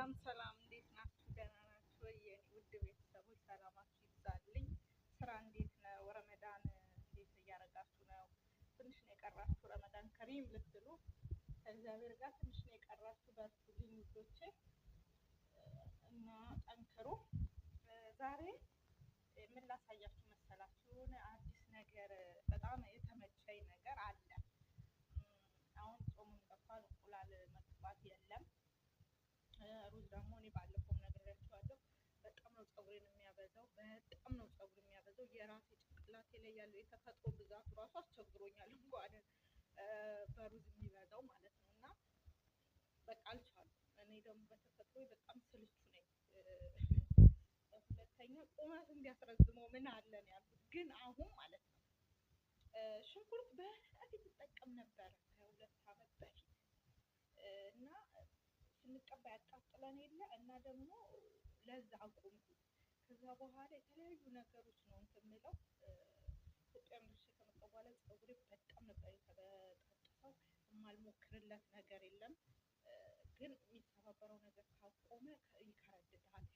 ሰላም ሰላም፣ እንዴት ናችሁ? ደህና ናችሁ? የኔ ውድ ቤተሰቦች ሰላማችሁ ይብዛልኝ። ስራ እንዴት ነው? ረመዳን እንዴት እያደረጋችሁ ነው? ትንሽ ነው የቀራችሁ ረመዳን ከሪም ልትሉ ከእግዚአብሔር ጋር ትንሽ ነው የቀራችሁ። በርቱልኝ ልጆቼ እና ጠንክሩ። ዛሬ ምን ላሳያችሁ ሩዝ ደግሞ እኔ ባለፈው ነግሬያቸዋለሁ። በጣም ነው ፀጉሬን የሚያበዛው፣ በጣም ነው ፀጉር የሚያበዛው። የራሴ ጭንቅላቴ ላይ ያለው የተፈጥሮ ብዛቱ ራሱ አስቸግሮኛል፣ እንኳን በሩዝ የሚበዛው ማለት ነው። እና በቃ አልቻልኩም። እኔ ደግሞ በተፈጥሮ በጣም ስልቹ ነኝ። ሁለተኛ ቁመት እንዲያስረዝመው ምን አለ ያልኩት፣ ግን አሁን ማለት ነው ሽንኩርት በፊት ይጠቀም ነበረ ከሁለት ዓመት በፊት እና ስንቀባ ያቃጥለን የለ እና ደግሞ ለዛ አቆምኩት። ከዛ በኋላ የተለያዩ ነገሮች ነው እንትን የምለው ኢትዮጵያ ምድርሽ ከመጣሁ በኋላ ፀጉሬ በጣም ነበር የተበጣጠሰው። የማልሞክርለት ነገር የለም ግን የሚተባበረው ነገር ካቆመ ይከረድዳል፣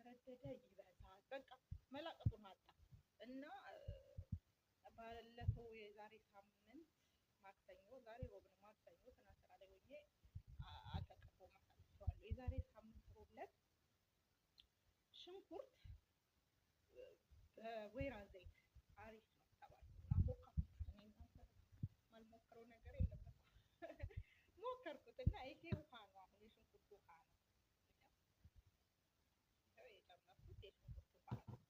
ከተረደደ ይበዛል። በቃ መላቀጡን አጣ እና ባለፈው የዛሬ ሳምንት ማክሰኞ ዛሬ ሮብ ነው ሽንኩርት በወይራ ዘይት አሪፍ ነው ተባለ። ሞከርኩት ማልሞክረው ነገር የለም ሞከርኩት እና ይሄ ውሃ ነው አሁን የሽንኩርት ውሃ ነው የጨመርኩት የሽንኩርት ውሃ ነው።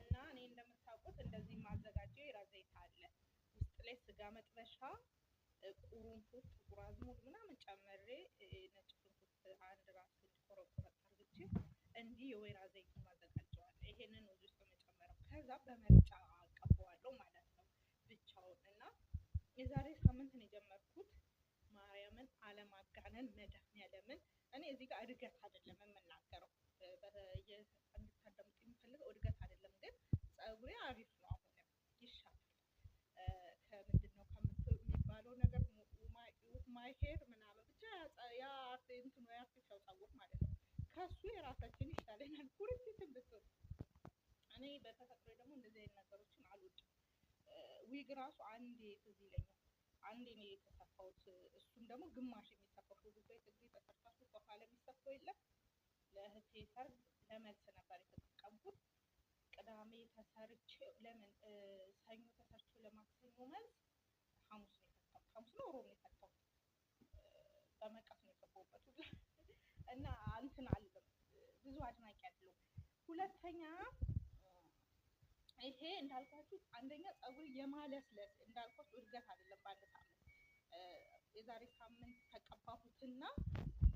እና እኔ እንደምታውቁት እንደዚህ ማዘጋጀው ወይራ ዘይት አለ ውስጥ ላይ ስጋ መጥበሻ ቁሩንፉት ጥቁር አዝሙድ ምናምን ጨመሬ ነጭ ሽንኩርት አንድ ራስ ቆረቆረጥ አድርጌ እንዲህ የወይራ ዘይቱን ማዘጋጀዋል። ይሄንን ወደ ውስጥ መጨመረው ከዛ በመርጫ አቀባዋለሁ ማለት ነው ብቻውን እና የዛሬ ሳምንት ነው የጀመርኩት። ማርያምን አለማጋነን መድኃኒዓለምን እኔ እዚህ ጋር እድገት አይደለም የምናገረው እንድታዳምጡ የምፈልገው እድገት አይደለም፣ ግን ጸጉሬ አሪፍ ነው አሁንም ይሻላል። ከምንድን ነው የሚባለው ነገር ማይሄድ ምናምን ብቻ ያ እንትኑ ያርቲፊሻል ጸጉር ማለት ነው ከሱ የራሳችን ይሻለናል። ኩርፊትን ብትሆን እኔ በተፈጥሮ ደግሞ እንደዚህ አይነት ነገሮችን አልወድም። ዊግ ራሱ አንዴ ትዝ ይለኛል። አንዴ ነው የተሰፋሁት። እሱም ደግሞ ግማሽ የሚሰፋው ጉዳይ ትዝ ተሰርታችሁ በኋላ የሚሰፋው የለም። ለእህቴ ሰርግ ለመልስ ነበር የተጠቀምኩት። ቅዳሜ ተሰርቼ ለምን ሰኞ ተሰርቼ ለማክሰኞ መልስ ሐሙስ ነው የተሰፋው። ሐሙስ ነው ሮብ ነው አድናቂ አይደለሁም። ሁለተኛ ይሄ እንዳልኳችሁ አንደኛ ፀጉር የማለስለስ እንዳልኳችሁ እድገት አይደለም። በአንድ ሳምንት የዛሬ ሳምንት ተቀባሁትና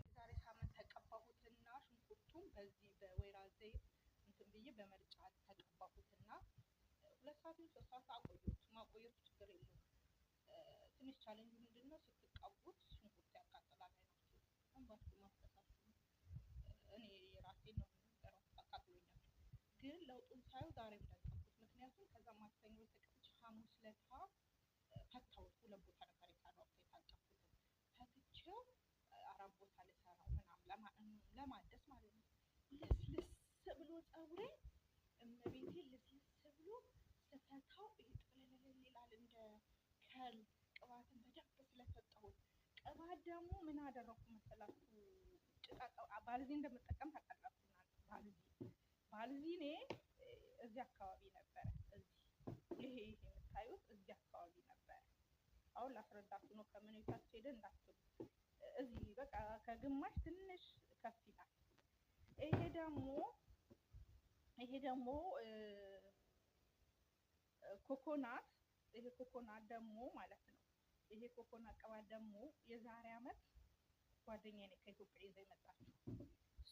የዛሬ ሳምንት ተቀባሁትና ሽንኩርቱን በዚህ በወይራ ዘይት እንትን ብዬ በመርጫ ተቀባሁትና ሁለት ሰዓት ሶስት ሰዓት አቆየሁት። ማቆየቱ ችግር የለውም። ትንሽ ቻለንጅ ምንድን ነው ስትቀቡት ሽንኩርት ያቃጥላል ሐሙስ ለታ ፈታሁት። ሁለት ቦታ ነበር የሰራሁት የታጠፍኩት ፈትቼው አራት ቦታ ልሰራው ምናምን ለማደስ ማለት ነው። ልስልስ ብሎ ፀጉሬ እመቤቴ ልስልስ ብሎ ስፈታው ይሄ ይላል እንደ ከል ቅባትን በደንብ ስለፈታሁት ቅባት ደግሞ ምን አደረኩ መሰላችሁ? ባልዚ እንደምጠቀም ታውቃላችሁ። ባልዚ ባልዚ እኔ እዚህ አካባቢ ነበረ እዚህ ይሄ ይሄ የምታዩት እዚህ አካባቢ ነበር። አሁን ላስረዳችሁ ነው። ከምን የታች ሄደ እንዳትሉ፣ እዚህ በቃ ከግማሽ ትንሽ ከፍ ይላል። ይሄ ደግሞ ይሄ ደግሞ ኮኮናት ይሄ ኮኮናት ደግሞ ማለት ነው። ይሄ ኮኮናት ቅባት ደግሞ የዛሬ አመት ጓደኛዬ ነው ከኢትዮጵያ ይዘው የመጣችው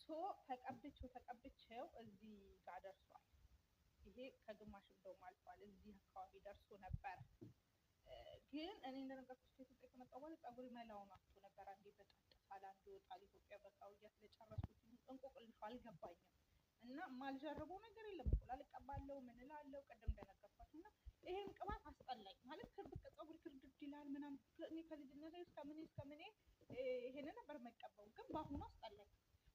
ሶ ተቀብቼው ተቀብቼው ጊዜ ከግማሽ እንደውም አልፏል እዚህ አካባቢ ደርሶ ነበር። ግን እኔ እንደነገርኩሽ ከኢትዮጵያ ከመጣሁ በኋላ ጸጉሬ መላውን አጥቶ ነበር። አንዴ በጣጥፋል፣ አንዴ ይወጣል። ኢትዮጵያ በቃው እያስለጨረስኩት እንቆቅልሹ አልገባኝም። እና ማልጀርበው ነገር የለም። እንቁላል እቀባለሁ፣ ምን እላለሁ፣ ቅድም እንደነገርኳችሁ እና ይሄን ቅባት አስጠላኝ ማለት ክርብ ጸጉር ክርድድ ይላል ምናምን። እኔ ከልጅነት እስከ ምን ይሄን ነበር የማይቀባው፣ ግን በአሁኑ አስጠላኝ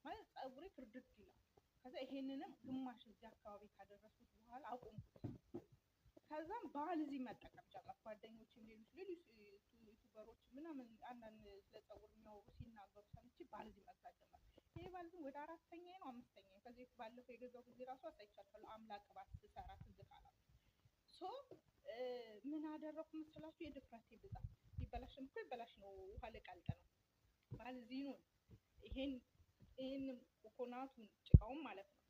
ማለት ጸጉሬ ክርድድ ይላል። ከዛ ይሄንንም ግማሽ እዚህ አካባቢ ካደረስኩት አላውቁም። ከዛም ባህል እዚህ መጠቀም ጀመርኩ። ጓደኞችም ሌሎች ሌሎች ዩቱበሮች ምናምን አንዳንድ ስለ ፀጉር የሚያወሩ ሲናገሩ ሰምቼ ባህል እዚህ መግዛት ጀመርኩ። ይህ ባህል ግን ወደ አራተኛ ነው አምስተኛ ነው። ከዚህ ባለፈው የገዛው ጊዜ ራሱ አሳይቻቸዋለሁ። አምላክ ቅባት ስሰራ ትዝ ካላችሁ ሶ ምን አደረኩ መስላችሁ? የድፍረቴ ብዛት ይበላሽም እኮ ይበላሽ ነው። ውሃ ለቀልጥ ነው ባልዚኑን ይሄን ይሄን ኮኮናቱን ጭቃውን ማለት ነው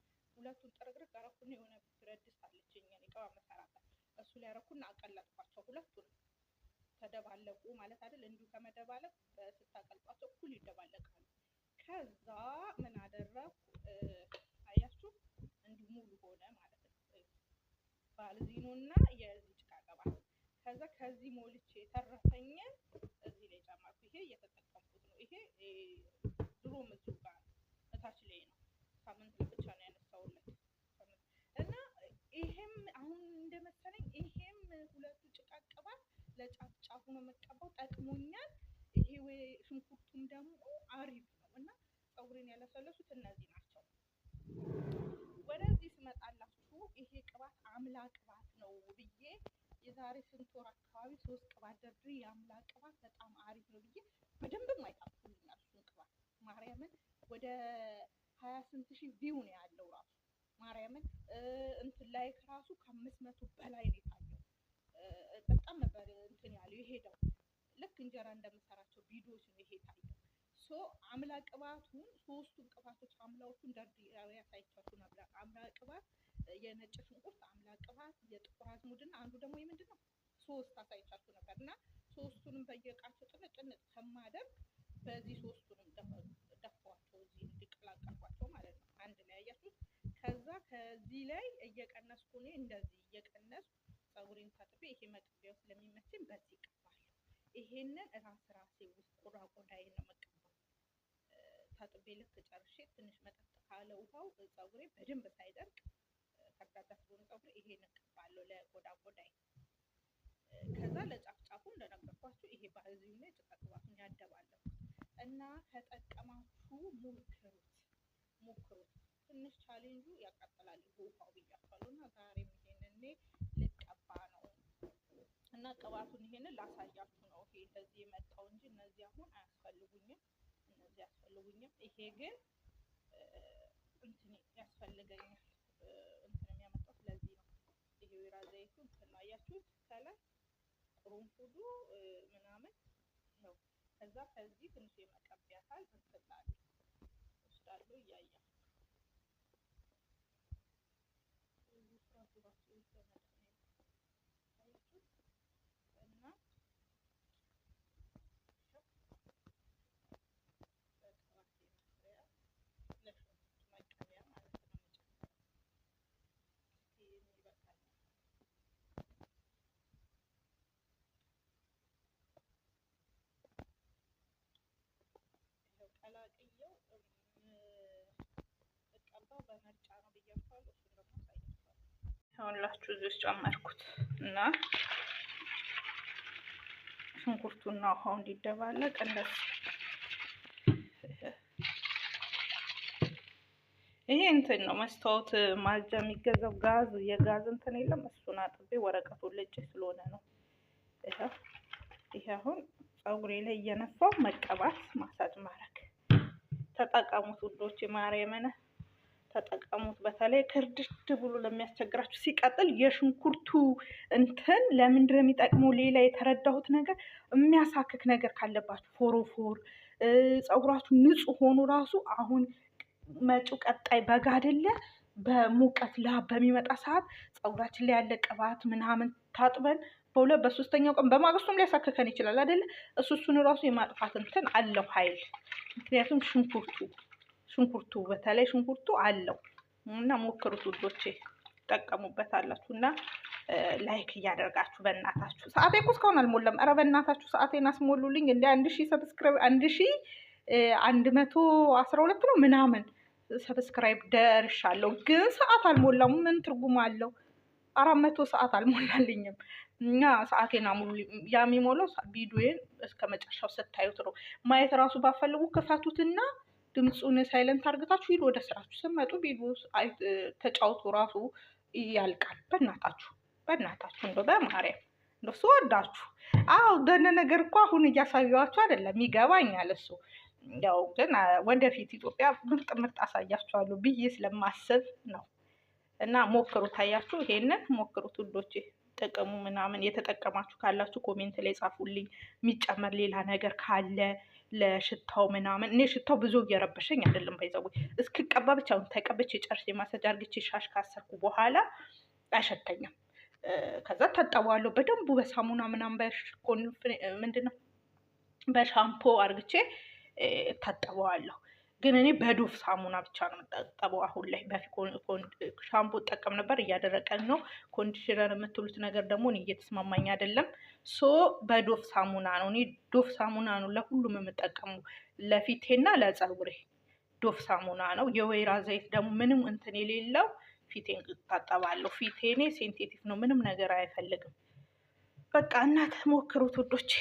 ሁለቱን ጥርግርግ አረኩና የሆነ ብረት አለችኝ እኔ ጨዋ መሰራበት እሱ ላይ አረኩና አቀለጥኳቸው ሁለቱን ተደባለቁ ማለት አይደል እንዲሁ ከመደባለቅ ስታቀልጧቸው እኩል ይደባለቃሉ ከዛ ምን አደረኩ አያችሁ እንዲሁ ሙሉ ሆነ ማለት ነው ባልዚኑ እና የዚህ ጭቃ ከዛ ከዚህ ሞልቼ የተረፈኝን እዚህ ላይ የአምላ ቅባት ነው ብዬ የዛሬ ስንት ወር አካባቢ ሶስት ቅባት ደርድሬ የአምላ ቅባት በጣም አሪፍ ነው ብዬ በደንብም አይታፍሉኛል። እሱን ቅባት ማርያምን ወደ ሀያ ስንት ሺህ ቪው ነው ያለው ራሱ ማርያምን እንትን ላይ ራሱ ከአምስት መቶ በላይ ነው የታየው። በጣም ነበር እንትን ያለው የሄደው ልክ እንጀራ እንደምሰራቸው ቪዲዮዎች ነው ይሄ ሶ አምላ ቅባቱን ሶስቱም ቅባቶች አምላዎቹን ደርድሬ ያሳይቻችሁ ነበር። አምላ ቅባት፣ የነጭ ሽንኩርት አምላ ቅባት፣ የጥቁር አዝሙድና አንዱ ደግሞ የምንድን ነው ሶስት አሳይቻችሁ ነበር እና ሶስቱንም በየቃቸው ጥንጥ ጥንጥ ከማደርግ በዚህ ሶስቱንም ደፋቸው እዚህ እንዲቀላቀልኳቸው ማለት ነው። አንድ ላይ አያችሁት። ከዛ ከዚህ ላይ እየቀነስኩ እኔ እንደዚህ እየቀነስኩ ፀጉሬን ታጥቤ ይሄ መቀቢያው ስለሚመቸኝ በዚህ ይቀባለሁ። ይሄንን እራስ ራሴ ውስጥ ቆዳ ቆዳዬን ነው መቀ ታጥቤ ልክ ጨርሼ ትንሽ መጠጥ ካለ ውሃው ፀጉሬ በደንብ ሳይደርቅ ከርዳዳ ስለሆነ ፀጉሬ ይሄን እቀባለሁ ለቆዳ ቆዳዬ። ከዛ ለጫፍ ጫፉ እንደነገርኳችሁ ይሄ በዚሁ ላይ ጭቃ ያደባለሁ እና ተጠቀማችሁ ሞክሩት ሞክሩት። ትንሽ ቻሌንጁ ያቃጥላል ውሃው ብያቸዋለሁ እና ዛሬ ይሄንን እኔ ልቀባ ነው እና ቅባቱን ይሄንን ላሳያችሁ ነው። ይሄ እንደዚህ የመጣውን ይሄ ግን እንትን ያስፈልገኛል እንትን የሚያመጣው ስለዚህ ነው። ይሄ ወይራ ዘይቱ እንትን አያችሁት ከላይ ቁሩንፉዱ ምናምን ነው ከዛ ከዚህ ትንሽ የመቀቢያታል እንትን ላለ እወስዳለሁ እያያችሁ አሁንላችሁ እዚህ ውስጥ ጨመርኩት እና ሽንኩርቱና ውሃው እንዲደባለቅ እንደዚህ ይሄ እንትን ነው መስታወት ማጽጃ የሚገዛው ጋዝ የጋዝ እንትን የለም። እሱን አጥቤ ወረቀቱ ልጬ ስለሆነ ነው። ይሄ አሁን ፀጉሬ ላይ እየነፋው መቀባት ማሳጅ ማድረግ ተጠቀሙት ውዶች፣ ማርያምን ተጠቀሙት። በተለይ ክርድድ ብሎ ለሚያስቸግራችሁ። ሲቀጥል የሽንኩርቱ እንትን ለምንድን ነው የሚጠቅመው? ሌላ የተረዳሁት ነገር የሚያሳክክ ነገር ካለባችሁ ፎሮፎር፣ ፀጉራችሁ ንጹህ ሆኖ ራሱ አሁን መጪው ቀጣይ በጋ አይደለ በሙቀት ላብ በሚመጣ ሰዓት ፀጉራችን ላይ ያለ ቅባት ምናምን ታጥበን በሁለት በሶስተኛው ቀን በማግስቱም ሊያሳክከን ይችላል አይደለ? እሱ እሱን ራሱ የማጥፋት እንትን አለው ኃይል ምክንያቱም ሽንኩርቱ ሽንኩርቱ በተለይ ሽንኩርቱ አለው እና ሞክሩት ውዶቼ፣ ትጠቀሙበታላችሁ እና ላይክ እያደርጋችሁ በእናታችሁ ሰዓቴ እኮ እስካሁን አልሞላም። ኧረ በእናታችሁ ሰዓቴን አስሞሉልኝ። እንደ አንድ ሺህ ሰብስክራይብ አንድ ሺህ አንድ መቶ አስራ ሁለት ነው ምናምን ሰብስክራይብ ደርሻለሁ፣ ግን ሰዓት አልሞላም። ምን ትርጉም አለው? አራት መቶ ሰዓት አልሞላልኝም እና ሰዓቴን አሙሉ። ያ የሚሞላው ቪዲዮዬን እስከ መጨረሻው ስታዩት ነው። ማየት ራሱ ባፈልጉ ክፈቱትና ድምፁን ሳይለንት አርግታችሁ ሂዱ ወደ ስራችሁ። ስመጡ ቢሉ ተጫውቱ ራሱ ያልቃል። በእናታችሁ በእናታችሁ እንደው በማርያም እንደው ወዳችሁ አዎ ደነ ነገር እኮ አሁን እያሳየኋችሁ አይደለም፣ ይገባኛል እሱ ያው ግን ወደፊት ኢትዮጵያ ምርጥ ምርጥ አሳያችኋለሁ ብዬ ስለማስብ ነው። እና ሞክሩት፣ ታያችሁ፣ ይሄንን ሞክሩት ውዶቼ። ጥቅሙ ምናምን የተጠቀማችሁ ካላችሁ ኮሜንት ላይ ጻፉልኝ። የሚጨመር ሌላ ነገር ካለ ለሽታው ምናምን እኔ ሽታው ብዙ እየረበሸኝ አይደለም ባይዘው እስክቀባ ብቻ አሁን ተቀብቼ ጨርሼ ማሳጅ አርግቼ ሻሽ ካሰርኩ በኋላ አይሸተኝም። ከዛ ታጠበዋለሁ በደንቡ በሳሙና ምናምን በሽኮን ምንድነው በሻምፖ አርግቼ ታጠበዋለሁ። ግን እኔ በዶፍ ሳሙና ብቻ ነው የምጠቀመው አሁን ላይ። በፊት ሻምፖ እጠቀም ነበር፣ እያደረቀኝ ነው። ኮንዲሽነር የምትሉት ነገር ደግሞ እኔ እየተስማማኝ አይደለም። ሶ በዶፍ ሳሙና ነው እኔ ዶፍ ሳሙና ነው ለሁሉም የምጠቀመው፣ ለፊቴና ለፀጉሬ ዶፍ ሳሙና ነው። የወይራ ዘይት ደግሞ ምንም እንትን የሌለው ፊቴን እታጠባለሁ። ፊቴ ሴንቴቲክ ነው፣ ምንም ነገር አይፈልግም። በቃ እናት ሞክሩት ውዶች።